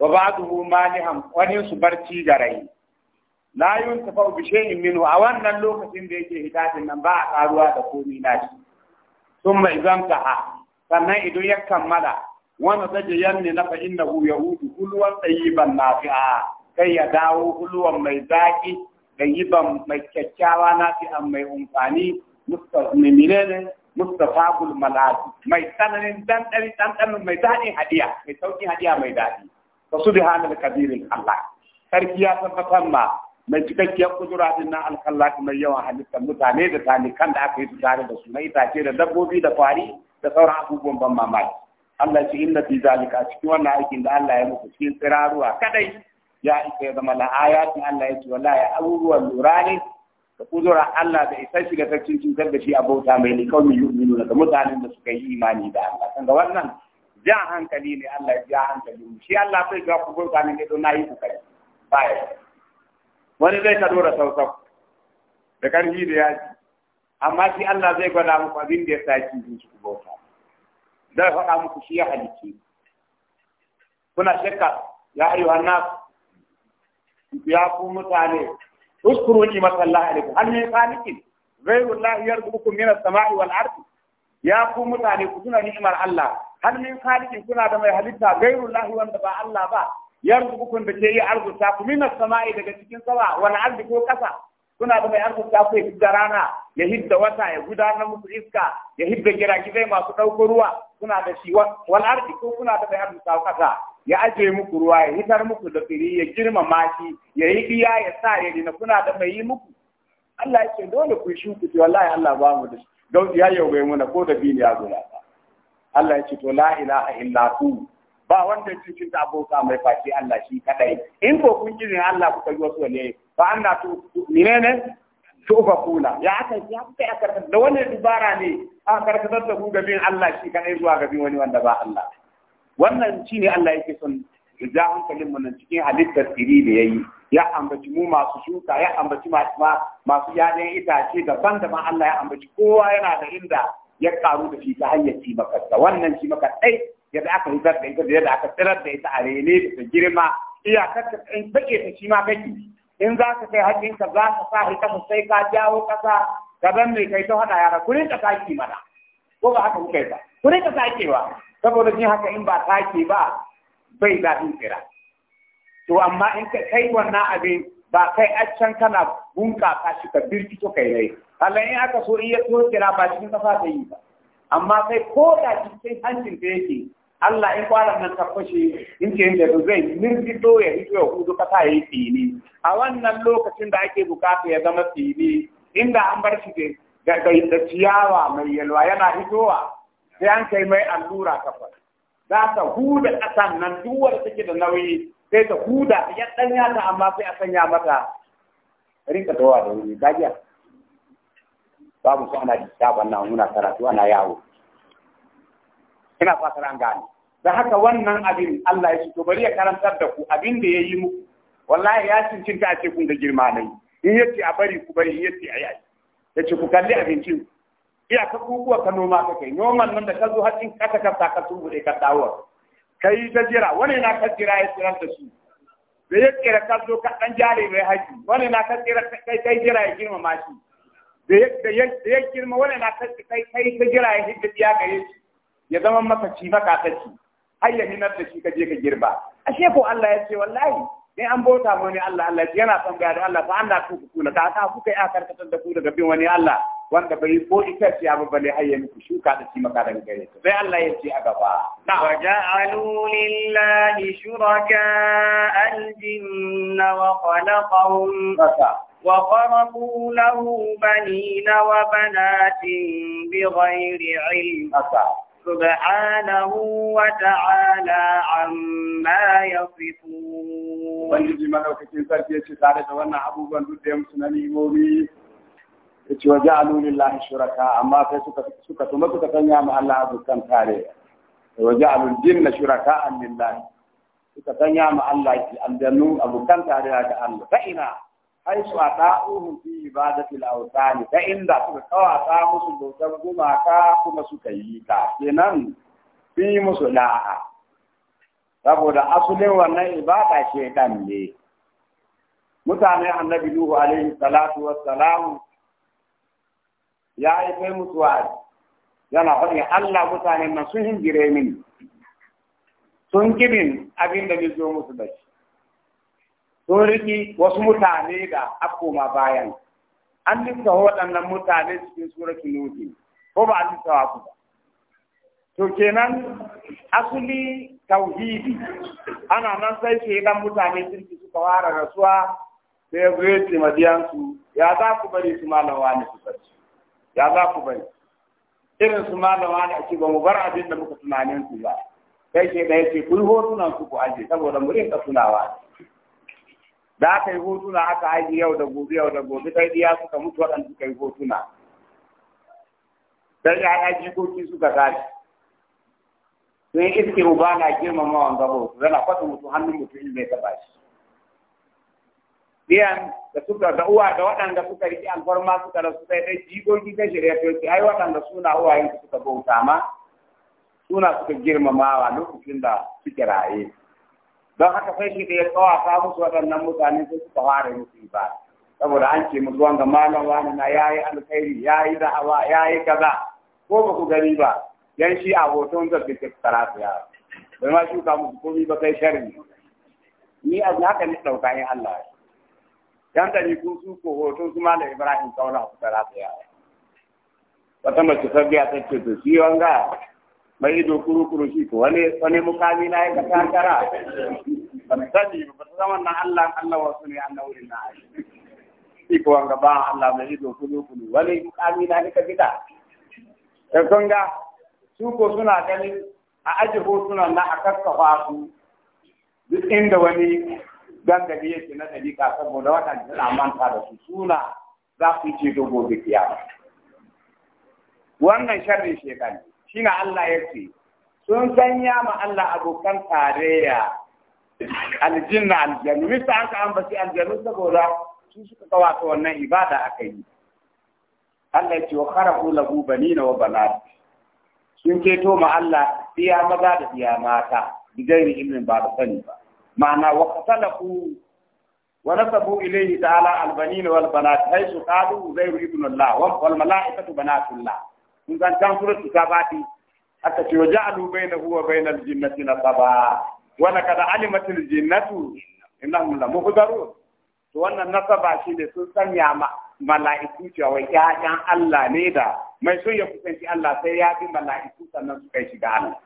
wa ba'du maliham wani su barci garai la yuntafa bi shay'in minhu a wannan lokacin da yake hitatin nan ba a karuwa da komai na shi thumma idan taha sannan idan ya kammala wanda zaje yanni na fa innahu yahudu kulwan tayyiban nafi'a kai ya dawo kulwan mai zaki tayyiban mai kyakkyawa nafi'an mai umfani mustazmimine mustafagul malati mai tsananin dan dan mai daɗin hadiya mai sauki hadiya mai dadi fa subhanal allah sarki ya tabbatar ma mai cikakkiyar kudura din na alkallaki mai yawan halittar mutane da talikan da aka yi tare da su na itace da dabbobi da kwari da sauran abubuwan ban mamaki Allah shi inna fi zalika cikin wannan aikin da Allah ya muku cikin tsiraruwa kadai ya isa ya zama la'ayatin Allah ya ce ya abubuwan lura ne da kudura Allah da isa shiga ta cikin da shi abota mai ni yi yu'minu da mutanen da suka yi imani da Allah kan wannan ja hankali ne Allah ya ja hankali shi Allah bai ga ku burka ne don na yi kai wani zai ta dora sausau da karfi da yaji amma shi Allah zai gwada muku abin da ya sa ki jin shi bauta zai faɗa muku shi ya halicci kuna shakka ya ayyuhan nas ya ku mutane uskuru ni masallah alaikum hal min khaliqin ghayrullahi yarzuqukum min as-sama'i wal ardi ya ku mutane ku tuna ni'imar Allah hal min khaliqin kuna da mai halitta ghayrullahi wanda ba Allah ba yarzuqukum da ke yi arzuta ku min as-sama'i daga cikin sama wal ardi ko kasa kuna da mai arzuta ku hidda rana ya hidda wata ya gudanar musu iska ya hidda gidai masu ɗauko ruwa kuna da shi wal ardi ko kuna da mai arzuta ku kasa ya aje muku ruwa ya hitar muku da tsiri ya girmama shi ya yi iya ya sa ya dina kuna da mai yi muku Allah ya ce dole ku ku ce wallahi Allah ba mu da shi gauti ya yau bai muna ko da bini ya zo Allah ya ce to la ilaha illa ku ba wanda cikin ta abota mai fashi Allah shi kadai in ko kun ji Allah kuka yi wasu ne fa anna tu to fa kula ya aka ya aka ya da wani dubara ne a karkatar da ku gabin Allah shi kadai zuwa gabin wani wanda ba Allah wannan ne Allah yake son da hankalin mu nan cikin halittar tsiri da yayi ya ambaci mu masu shuka ya ambaci masu yayan itace daban ma Allah ya ambaci kowa yana da inda ya karu da shi ta hanyar cimakarsa wannan cimakar ɗai yadda aka hutar da ita da yadda aka tsirar da ita a rene da ta girma iya kaka in take ta shi ma kake in za ka kai haƙin ka za ka sa ita ku sai ka jawo ƙasa ka zan mai kai ta hada yara ku ka saki mana ko ba haka kuka yi ba ku rinka ba. saboda jin haka in ba sake ba bai daɗin tsira to amma in ka kai wannan abin ba kai a can kana bunƙasa shi ka to kai ne Allah in aka so iya ya kira ba cikin kasa ta yi ba amma sai ko da cikin hancin da yake Allah in kwanan nan ta fashe in ce da zai mirgito ya hito ya hudu kasa ya yi fili. a wannan lokacin da ake bukata ya zama fili. inda an bar shi da ciyawa mai yalwa yana hitowa sai an kai mai allura kafar za ta huda kasan nan duwar da nauyi sai ta huda ya ɗanya ta amma sai a sanya mata Rika tawa da wuri gajiya babu su ana jita wannan muna karatu ana yawo ina fatar an gane da haka wannan abin Allah ya ce to bari ya karantar da ku abin da ya yi muku wallahi ya cincinta a ce kun da girma nai in yace a bari ku bari in yace ayi ayi yace ku kalli abincin iya ka kukuwa ka noma ka kai noman nan da ka zo hacin kasa kasa ka tumbuɗe ka dawo kai ta jira wani na ka jira ya jira da su da ya tsira ka zo ka ɗan jare mai haji wani na ka tsira kai kai jira ya girma ma shi da ya girma wani na ka kai kai ta jira ya hidda ya gare shi ya zama masa ci maka ta ci har ya hinar da shi ka je ka girba ashe ko Allah ya ce wallahi in an bauta mu ne Allah Allah yana son da Allah fa Allah ku ku na ka ka ku kai akarkatar da ku daga bin wani Allah wanda bai ko ita ce abu bale hayya muku shuka da ci maka daga gare ta sai Allah ya ce a gaba wa ja'alu lillahi shuraka al-jinna wa khalaqahum وخرقوا له بنين وبنات بغير علم سبحانه وتعالى عما يصفون ubangiji madaukakin sarki ya ce tare da wannan abubuwan duk da yamsu na nimomi ya ce waje alunin lahi shuraka amma sai suka tuma suka sanya ma Allah abokan tare da waje alun jin na shuraka an lillahi suka sanya ma Allah aljannu tare da ta ina haisu a ɗa'uhun fi ibadatil awtani ta inda suka kawata musu bautar gumaka kuma suka yi ta kenan fi musu la'a saboda asulin wannan ibada shedan ne mutane annabi nuhu alaihi salatu wassalam ya yi kai yana faɗi Allah mutane nan sun hingire mini sun kibin abin da zo musu da shi sun riƙi wasu mutane da akoma bayan an lissa waɗannan mutane cikin suratul nuhi ko ba a lissa wasu to kenan asuli tauhidi ana nan sai dan mutane kirki suka fara rasuwa sai ya zo ya su. ya za ku bari su malawa ne su ya za ku bari irin su malawa ne ake ba mu bar abin da muka tunanin su ba sai ke da yake kun hotunan su ku aje saboda mu rinka tunawa da aka yi hotuna aka aji yau da gobe yau da gobe sai diya suka mutu waɗanda suka yi hotuna sai ya'ya jikoki suka tashi sun iske ruba na girmama wanga hoto yana kwata mutu hannun mutum in bai taɓa shi biyan da suka da uwa da waɗanda suka riƙe alfarma suka da suka dai jikoki ta shirya ta ce ai waɗanda suna uwayen suka bauta ma suna suka girmamawa lokacin da suke raye don haka sai shi da ya tsawata musu waɗannan mutane sai suka fara musu ba saboda an ce musu wanga malam wani na yayi alkhairi yayi da'awa yayi kaza ko ba ku gani ba yan shi a hoton zabbi ke su ya bai ma shuka musu komai ba kai sharri ni a haka ni dauka in Allah dan da ni kun su ko hoton su malam Ibrahim kaula ku su ya wata mace sabbiya ta ce to shi wanga mai ido kuru kuru shi ko wani wani mukami na ya takara ban sani ba ta zama na Allah Allah wasu ne Allah wurin na shi ko wanga ba Allah mai ido kuru kuru wani mukami na ya fita da kun ga su ko suna ganin a aji suna na a kakkafa su duk inda wani gangare yake na dalika saboda waɗanda suna manta da su suna za su ce dogo da kiyama wannan sharrin shekani shine Allah ce, sun sanya ma Allah abokan tarayya aljinna aljannu mista an ka ambaci aljannu saboda su suka kawata wannan ibada aka yi Allah ya ce wa kharaqu lahu na wa banatu. sun ceto ma Allah iya maza da iya mata bigairi ilmin ba da sani ba ma'ana wa ku wa nasabu ilayhi ta'ala albanina wal banat haythu qalu zairu ibn Allah wal bana banatullah kun san tan suratu ta fadi aka ce waja'alu bainahu wa bainal jinnati nasaba wa laqad alimatil jinnatu innahum la muhdarun to wannan nasaba shi ne sun sanya ma mala'iku cewa ƴaƴan Allah ne da mai son ya kusanci Allah sai ya bi mala'iku sannan su kai shi Allah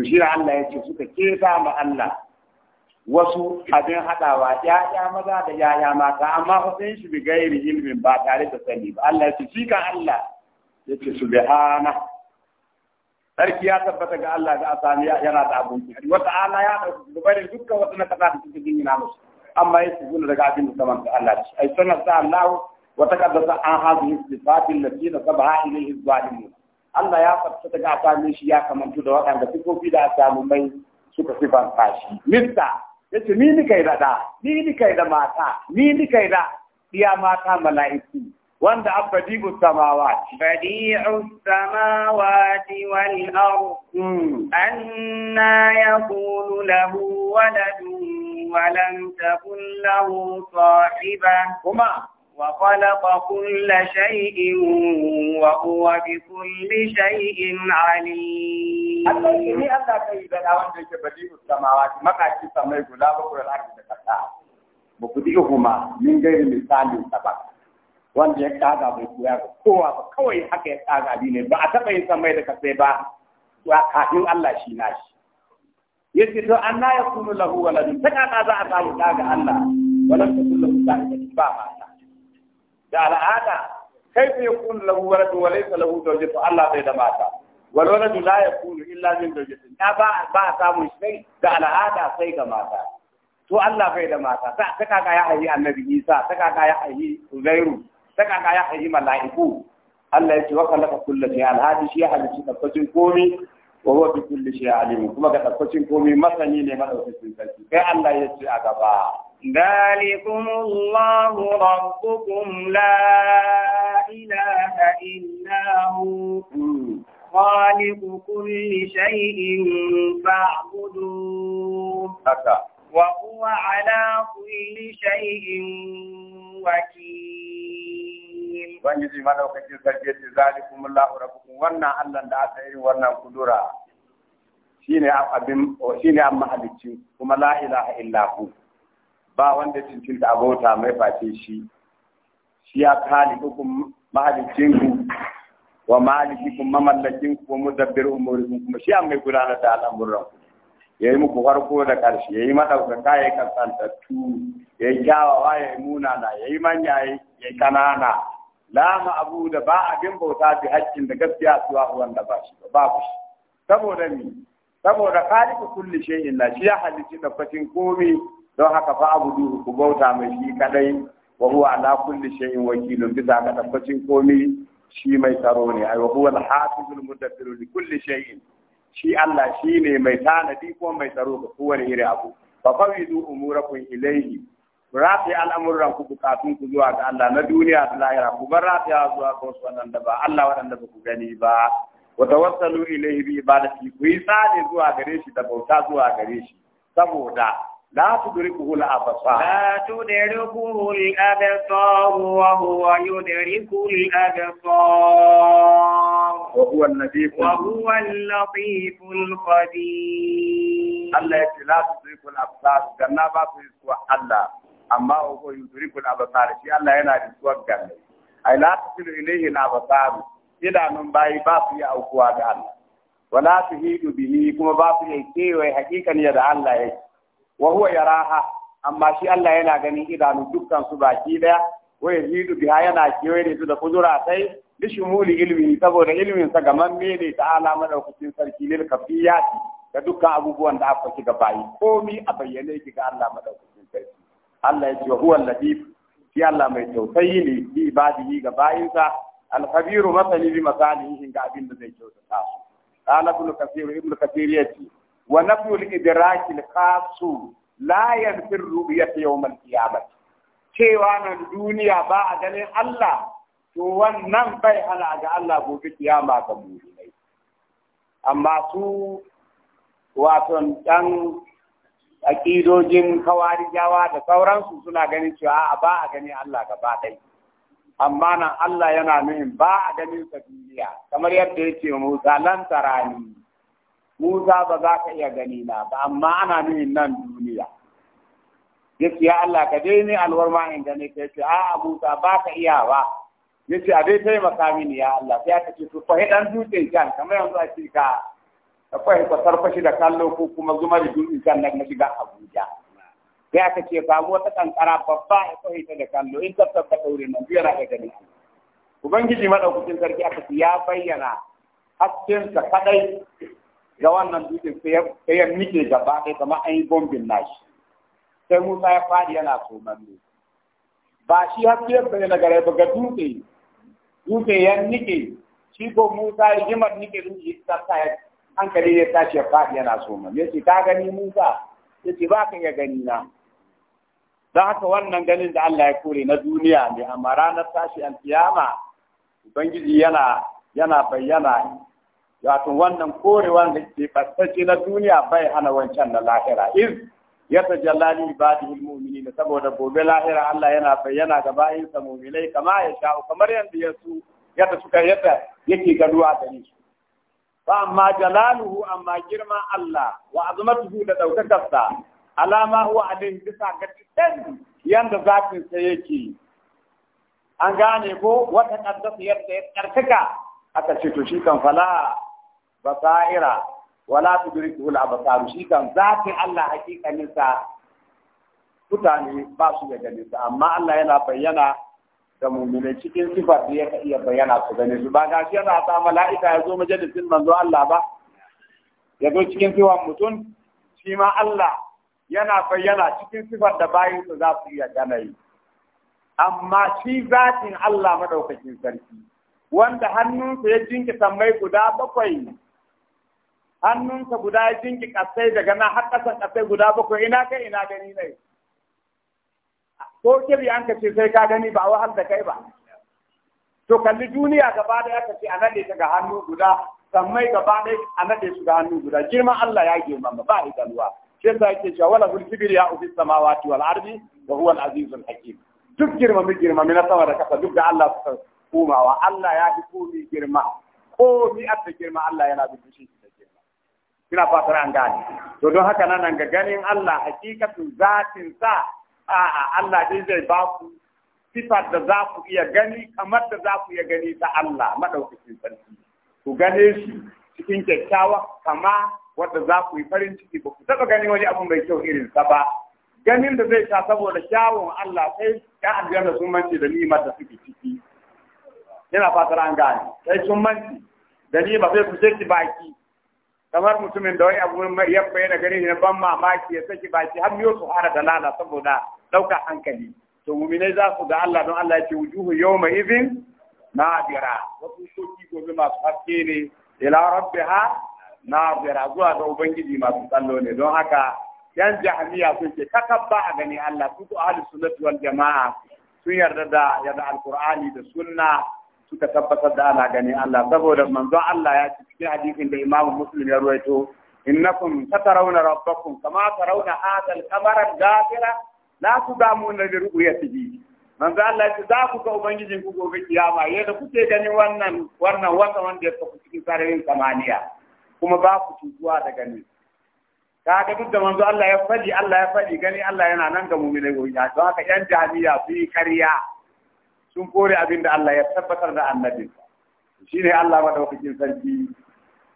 to shi da Allah ya ce suka keta ma Allah wasu abin haɗawa ‘ya'ya maza da ‘ya'ya mata, amma fa sun shi bi gairi ilimin ba tare da sani ba. Allah ce, shi kan Allah yace subhana sarki ya tabbata ga Allah da asani yana da abun kari wata ala ya da barin dukkan wata na kada da suke gina musu amma ya su guna daga abin da saman da Allah shi ai sanar da Allah wa sa an hadhihi sifatin lati nasabaha ilayhi zalimun Allah ya fata ga asani shi ya kamantu da waɗanda sifofi da asani mai suka sifanta shi mista yace ni ni kai da da ni ni kai da mata ni ni kai da iya mata mala'iku wanda an badi'u samawati badi'u samawati wal ard hmm. anna yaqulu lahu waladun wa lam takun lahu sahiba kuma وخلق كل شيء وهو بكل شيء عليم الله يني الله كي da, wanda yake badi'u samawati makaci samai guda bakwai al'ardi da kasa ba ku diga kuma min gairi misalin sabaka wanda ya kaga bai koya ga kowa ba kawai haka ya kaga bi ne ba a taɓa yin samai da kasai ba wa kafin Allah shi na shi yace to an na yakunu lahu waladun ta kaga za a samu kaga Allah walan takun lahu sa'ida ba ba ta da al'ada kai bai yakunu lahu waladun wa ta lahu to Allah bai da mata wal waladu la yakunu illa min zawjatin da ba ba samu shi da al'ada sai ga mata to Allah bai da mata ta kaga ya haihi annabi Isa ta kaga ya haihi Uzairu saka ga ya hayi mala'iku Allah ya ce wa khalaqa kullu shay'in alhadi shi halici da kwacin komai wa huwa bi kulli shay'in alim kuma ga kwacin komai masani ne madaukakin sarki kai Allah ya ce a gaba ذلكم الله ربكم لا إله إلا هو خالق كل شيء فاعبدوه وهو على كل شيء وكيل الرحيم ونجي ما لو كتير كتير ذلكم الله wannan وانا da aka yi wannan kudura shine abin shine an mahalicci kuma la ilaha illa hu ba wanda cincin da abota mai face shi shi ya kali hukum mahalicin ku wa malikikum mamallakin ku wa mudabbir umurikum kuma shi an mai gudanar da al'amuran ku yayi muku farko da karshe yayi madaukaka yayi kasantattu yayi kyawawa yayi munana yayi manya yayi kanana la abu da ba abin bauta bi haƙƙin da gaskiya suwa wanda ba shi ba ku saboda ni saboda khaliqu kulli shay'in la shi ya halici da fatin komai don haka fa abudu ku bauta mai shi kadai wa huwa ala kulli shay'in wakilun bisa ga fatin komai shi mai tsaro ne ai wa huwa al-hafizul mudabbiru li kulli shay'in shi Allah shi ne mai tanadi ko mai tsaro ga kowane iri abu fa fawidu umurakum ilayhi rafi al'amuran ku bukatun ku zuwa ga Allah na duniya da lahira ku bar a zuwa ga wasu waɗanda ba Allah waɗanda ba ku gani ba Wata wa tawassalu ilayhi bi fi ku yi tsari zuwa gare shi da bauta zuwa gare shi saboda la tudrikuhu al-absar la tudrikuhu al-absar wa huwa yudriku al-absar wa huwa al-latif wa huwa al-latif al-qadir Allah ya ce tilatu tudrikuhu al-absar ganna ba su Allah amma wa huwa yudriku al-absar shi Allah yana da suwar ay ai la tasilu ilayhi al-absar idanun bayi ba su yi Allah wala tuhidu bihi kuma ba ya yi hakika ni ya da Allah yake wa huwa yaraha amma shi Allah yana ganin ila dukkan su baki daya wa yazidu biha yana kewaye da su da kudura sai bi shumuli ilmi saboda ilmin sa gaman mene ta alama da sarki lil kafiyati da dukkan abubuwan da aka ci ga bayi komi a bayyane ki ga Allah madaukaki Allah ya ce wa huwa latif shi Allah mai tausayi ne bi ibadihi ga bayinsa al-khabiru masani bi masalihi ga abin da zai kyautata su qala ibn kathir ibn kathir yace wa nafyu al-idraki al-khas la yanfir ru'yat yawm al-qiyamah cewa nan duniya ba a ganin Allah to wannan bai hana ga Allah gobe kiyama ga mu amma su wato dan aƙidojin kawarijawa da sauransu suna ganin cewa a ba a gani Allah gaba ɗai. amma nan Allah yana nuhin ba a ganin sa duniya kamar yadda ya ce Musa lan tarani Musa ba za ka iya gani na ba amma ana nuhin nan duniya yace ya Allah ka dai ni alwarma in gane ka ce, a Musa ba ka iya ba yace a dai taimaka mini ya Allah sai ka ce to fahidan dutse kamar yanzu a ce ka akwai ko sarfashi da kallo ko kuma zuma da dutsen kan nan na shiga Abuja sai aka ce ba wata kankara babba ya kwahi ta da kallo in ka tabbata wurin nan biyar ga gani ubangiji madaukakin sarki aka ce ya bayyana haskensa kadai ga wannan dutsen sai ya nike gaba ɗaya kamar an yi bombin nashi sai Musa ya fadi yana tsomanni ba shi hakkin sa ne na gare ba ga dutse dutse ya nike shi ko Musa ya jimar nike dutse ya ya hankali ya tashi ya faɗi yana so man yace ka gani Musa yace ba ka ya gani na don haka wannan ganin da Allah ya kore na duniya ne amma ranar tashi alkiyama ubangiji yana yana bayyana wato wannan korewan da ke fasace na duniya bai hana wancan na lahira iz ya ibadi mu'mini ne, saboda gobe lahira Allah yana bayyana ga bayinsa mu'minai kama ya sha'u kamar yadda ya yadda suka yadda yake gaduwa da su fa amma jalaluhu amma girma Allah wa azmatuhu da daukakarsa alama huwa alin bisa ga yanda zakin sa yake an gane ko wata kaddasa yadda ya tsarkaka aka ce to shi kan fala basaira wala tudriku al shi kan zatin Allah hakikanin mutane ba su da ganin sa amma Allah yana bayyana da mu'minai cikin sifar da ya iya bayyana su gane su ba ga shi yana ta mala'ika ya zo majalisin manzo Allah ba ya zo cikin sifar mutum shi ma Allah yana bayyana cikin sifar da bayin su za su iya gane amma shi zatin Allah madaukakin sarki wanda hannunsa ya jinki tambayi guda bakwai hannunsa guda ya jinki kasai daga nan har kasan kasai guda bakwai ina kai ina gani ne ko kirri an ka ce sai ka gani ba wahal da kai ba to kalli duniya gaba da ka ce a nade ta ga hannu guda sammai gaba da a nade su ga hannu guda Girma Allah ya girmama ba idanuwa sai yasa yake cewa wala kibir ya fi samawati wal ardi wa huwa al al hakim duk mi girmami na sama da kasa duk da Allah su komawa Allah ya fi komi girma komi mi abda girma Allah yana da shi da girma fatar an gane to don haka nan ga ganin Allah hakikatun zatin sa a'a Allah dai zai ba ku sifar da za ku iya gani kamar da za ku iya gani ta Allah maɗaukakin sarki ku gane shi cikin kyakkyawa kama wadda za ku yi farin ciki ba ku taɓa gani wani abu mai kyau irin sa ba ganin da zai sa saboda kyawun Allah sai ya aljanna sun manci da ni'imar da suke ciki yana fatar an gane sai sun manci da ni'ima sai ku ki baki kamar mutumin da wai abu ya bayyana gare shi na ban mamaki ya saki baki har yau su hara dalala saboda ɗaukar hankali to muminai za su ga Allah don Allah ya ce wujuhu yawma idhin nadira wasu shoki gobe masu haske ne ila rabbiha nadira zuwa ga ubangiji masu tsallo ne don haka yan jahamiya sun ce kakabba a gani Allah su ko ahli sunnati wal jama'a sun yarda da yarda alqur'ani da sunna suka tabbatar da ana gani Allah saboda manzon Allah ya ci cikin hadisin da Imam Muslim ya ruwaito innakum satarawna rabbakum kama tarawna hadha al-qamara ghafira la tudamuna li ru'yatihi manzo Allah ya za ku ga ubangijin ku gobe kiyama yadda kuke gani wannan wannan wata wanda ya tafi cikin sararin samaniya kuma ba ku cutuwa da gani kaga duk da manzo Allah ya faɗi Allah ya faɗi gani Allah yana nan ga mu'minai gobe don haka yan jahiliya su yi sun kore abin da Allah ya tabbatar da annabi. shi ne Allah madaukakin sarki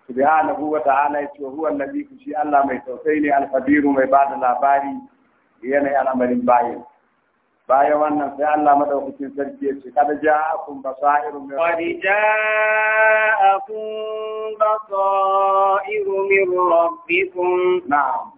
subhanahu wa ta'ala yace wa huwa allazi shi Allah mai tausayi ne alkabiru mai ba da labari yanayi al'amarin bayin bayan wannan sai Allah madaukakin sarki ya ce kada ja'akum basairu min qad ja'akum basairu min rabbikum na'am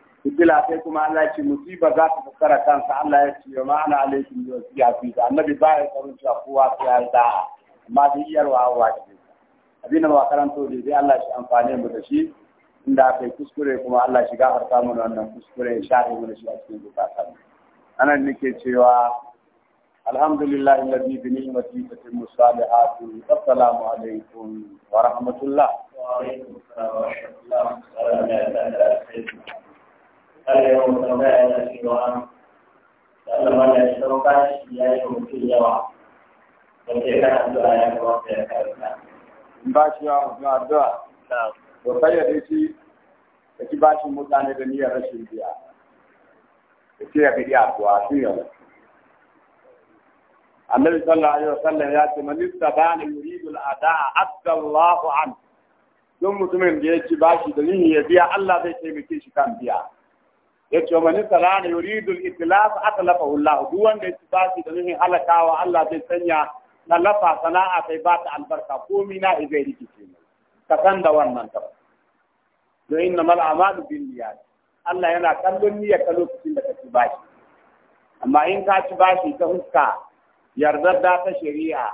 fitila sai kuma Allah ya ce musiba za ta kansa Allah ya ce wa ma'ana alaikum bi wasiya fi da annabi ba ya tsaron cewa kowa sai ya da amma da wa hawa ce abin da karanto da dai Allah shi amfane mu da shi inda aka yi kuskure kuma Allah shi gafarta mana wannan kuskure ya shafe mu shi a cikin bukatar anan nake cewa alhamdulillah alladhi bi ni'mati tatimmu salihatu assalamu alaikum wa rahmatullah wa alaikum assalam wa rahmatullah kada yawan tambaya yana cewa da Allah ma da shi bashi ya yi mutum yawa da ke kan addu'a ya kamata ya karanta. Bashi yawa mutum addu'a. To kai ya dace ka ci bashin mutane da niyyar rashin biya. ce ya gidi sallallahu alaihi wasallam ya ce man istabana yuridu al-ada'a adda an. Don mutumin da ya ci bashi da biya Allah zai taimake shi kan biya. yace man sarana yuridu al-itlaf lafa Allah duk wanda ya tsaki da nuhin halakawa Allah zai sanya na lafa sana'a kai ba ta albarka komai na zai rikice ne ka san da wannan ta do innamal a'malu binniyat Allah yana kallon niyyar ka lokacin da kake bashi amma in ka ci bashi ta huska yardar da ta shari'a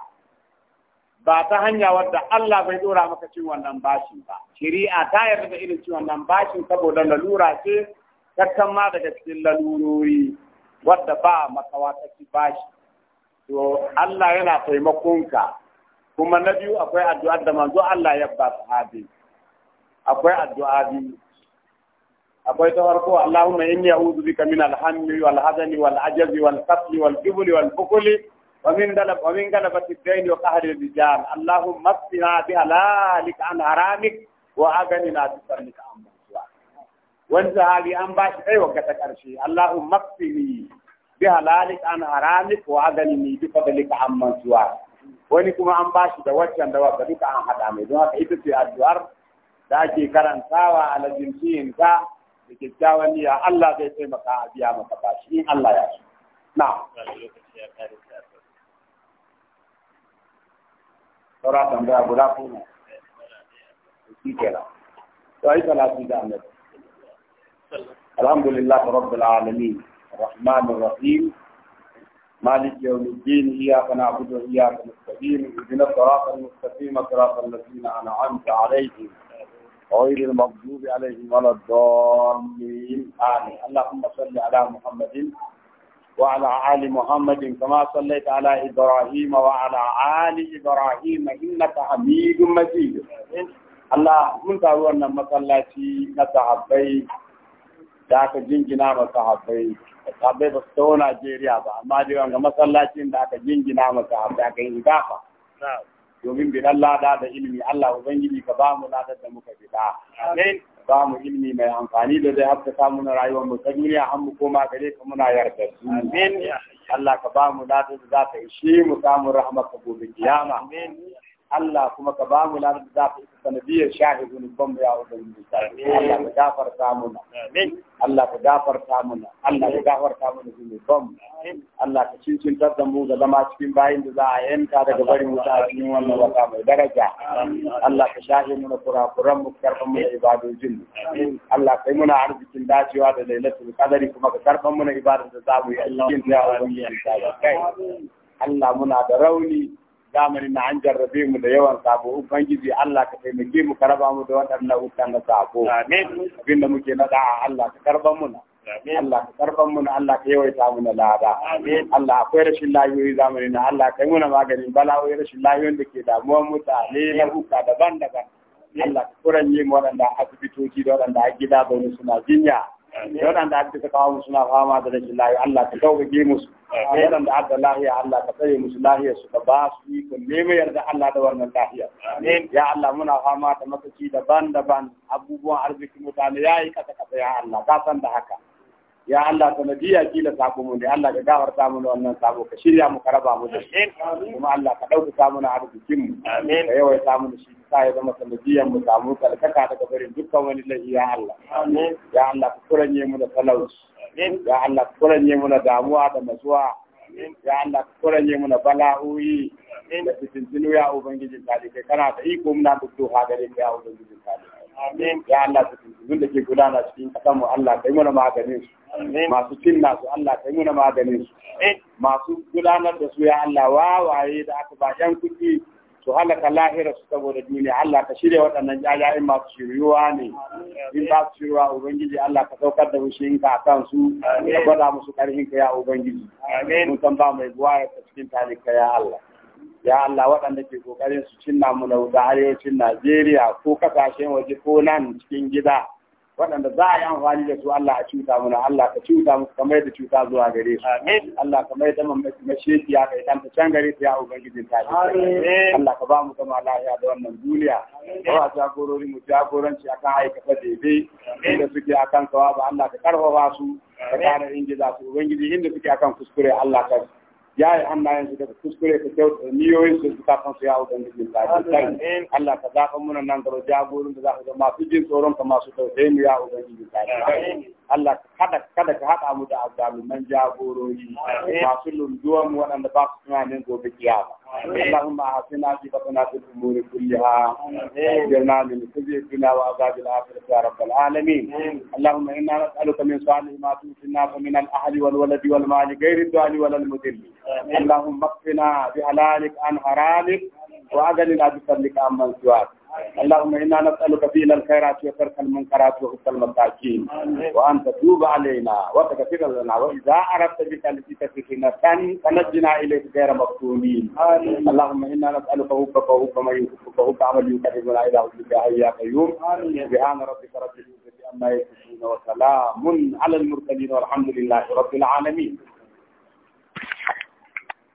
ba ta hanya wadda Allah bai dora maka cin wannan bashin ba shari'a ta yarda da irin cin wannan bashin saboda lalura ce kakkan ma daga cikin lalurori wadda ba makawa ta bashi to Allah yana taimakonka kuma na biyu akwai addu'a da manzo Allah ya ba sahabi akwai addu'a biyu akwai ta farko Allahumma inni a'udhu bika min al-hammi wal hazani wal ajazi wal qatli wal jubli wal bukli ومن غلب ومن غلبة الدين وقهر الرجال اللهم اقنا بهلالك عن حرامك وأغننا بفضلك عن wani hali an ba shi kai wanka ta ƙarshe Allahumma qini bi halalik an haramik wa aghnini bi fadlika amman suwa wani kuma an ba shi da waccan da wacce duka an haɗa mai don haka ita ce addu'ar da ake karantawa a lajimciyin ta da kyakkyawan niyya Allah zai taimaka a biya maka bashi in Allah ya so na saura tambaya guda kuma shi kenan to salatu da annabi الحمد لله رب العالمين الرحمن الرحيم مالك يوم الدين إياك نعبد وإياك نستقيم اهدنا الصراط المستقيم صراط الذين أنعمت عليهم غير المغضوب عليهم ولا الضالين آمين اللهم صل على محمد وعلى آل محمد كما صليت على إبراهيم وعلى آل إبراهيم إنك حميد مجيد الله من تعالى مسلاتي نتعبيك da aka jingina ma sahabbai sahabbai ba su tawo Najeriya ba amma dai wanga masallacin da aka jingina ma sahabbai aka yi gafa domin bidan lada da ilimi Allah ubangiji ka ba mu lada da muka fita ba mu ilimi mai amfani da zai samu na rayuwar mu ta duniya an mu koma gare ka muna yarda amin Allah ka ba mu lada da za ta ishe mu samu rahama ka gobe kiyama Allah kuma ka ba mu lanar da za ka isa sanadiyar shahidun ban mu ya Ubangiji. Allah ka gafarta muna. Allah ka gafarta muna. Allah ka gafarta muna zunubban Allah ka cincintar da mu ga zama cikin bayin da za a yanka daga bari wuta a cikin wannan wata mai daraja. Allah ka shahi muna kurakuran mu karfan mu da ibadojin mu. Allah ka yi muna arzikin dacewa da lailatul qadari kuma ka karfan muna ibadar da za mu yi a cikin ya Ubangiji. Allah muna da rauni zamanin na an jarrabe mu da yawan sabo ubangiji Allah ka taimake mu karaba mu da waɗannan wutan na sabo amin abin da muke nada Allah ka karban mu na Allah ka karban mu na Allah ka yawaita mu na lada amin Allah akwai rashin lahiyoyi zamanin na Allah kai mu na maganin bala'o'i rashin lahiyoyin da ke damuwar mutane na huka daban-daban Allah ka kuranye mu waɗanda asibitoci da waɗanda a gida zaune suna jinya waɗanda aka ta kawo suna fama da rashin lahiya Allah ka sauƙaƙe musu waɗanda aka lahiya Allah ka tsaye musu lahiya su ka ba su ikon neman yarda Allah da wannan lahiya ya Allah muna fama da matsaci daban-daban abubuwan arziki mutane ya yi kasa kasa ya Allah ka san da haka ya Allah sanadiyya kila sabo mu ne Allah ka gafarta mu wannan sabo ka shirya mu ka raba mu da shi kuma Allah ka dauka mu na arzikin mu amin ka yawai ta mu shi sa ya zama sanadiyyan mu samu kalkaka daga barin dukkan wani lahi ya Allah amin ya Allah ka kuranye mu da talauci amin ya Allah ka kuranye mu da damuwa da matsuwa ya Allah ka kuranye mu da bala'o'i da fitintinu ya ubangijin talibai kana da iko muna duk doka gare ka ya ubangiji talibai Amin. ya Allah su tuntun da ke gudana cikin kasanmu Allah kai mana maganin su masu cin nasu Allah kai mana maganin su masu gudanar da su ya Allah wawaye da aka ba yan kuɗi su halaka lahira su saboda duniya Allah ka shirya waɗannan jajayen masu shiryuwa ne in ba su shiryuwa ubangiji Allah ka saukar da wushin ka a kan su ka gwada musu ƙarfin ka ya ubangiji mun san ba mai buwa ya cikin talikai ya Allah ya Allah waɗanda ke ƙoƙarin su cinna mu na wuta arewacin Najeriya ko ƙasashen waje ko nan cikin gida waɗanda za a yi amfani da su Allah a cuta mu na Allah ka cuta musu kamar da cuta zuwa gare su Allah ka mai da masheki ya kai kanta can gare su ya ubangijin ta Allah ka ba mu zama lafiya da wannan duniya ba jagorori mu jagoranci akan aikata daidai inda suke akan kawa ba Allah ka karfafa su ka kare ingiza su ubangiji inda suke akan kuskure Allah ka ya yi hannayensu daga kuskure ka kyauta niyoyin su suka kan su ya hau don jikin tsari Allah ka zaɓa muna nan gaba jagorin da za ka zama su jin tsoron ka masu tausayin ya hau don jikin Allah kada kada ka haɗa mu da azzaluman jagorori masu lulluwan waɗanda ba su tunanin gobe kiyama. Allahumma hasina fi fatana fil umuri kulliha ajirna min kulli fitna wa azabil akhirati ya rabbal alamin. Allahumma inna nas'aluka min salih ma tusinna fa min al ahli wal waladi wal mali ghairi dali wal mudill. Allahumma qina bi halalik an haralik wa adalina bi fadlika amman suwat. اللهم إنا نسألك فينا الخيرات وترك المنكرات وحب المساكين وأن تتوب علينا وتغفر لنا وإذا أردت بك لتفتنا فنجنا إليك غير مفتونين اللهم إنا نسألك حبك وحب من يحبك وحب عمل يقربنا إلى حبك يا قيوم سبحان ربك رب العزة عما يصفون وسلام على المرسلين والحمد لله رب العالمين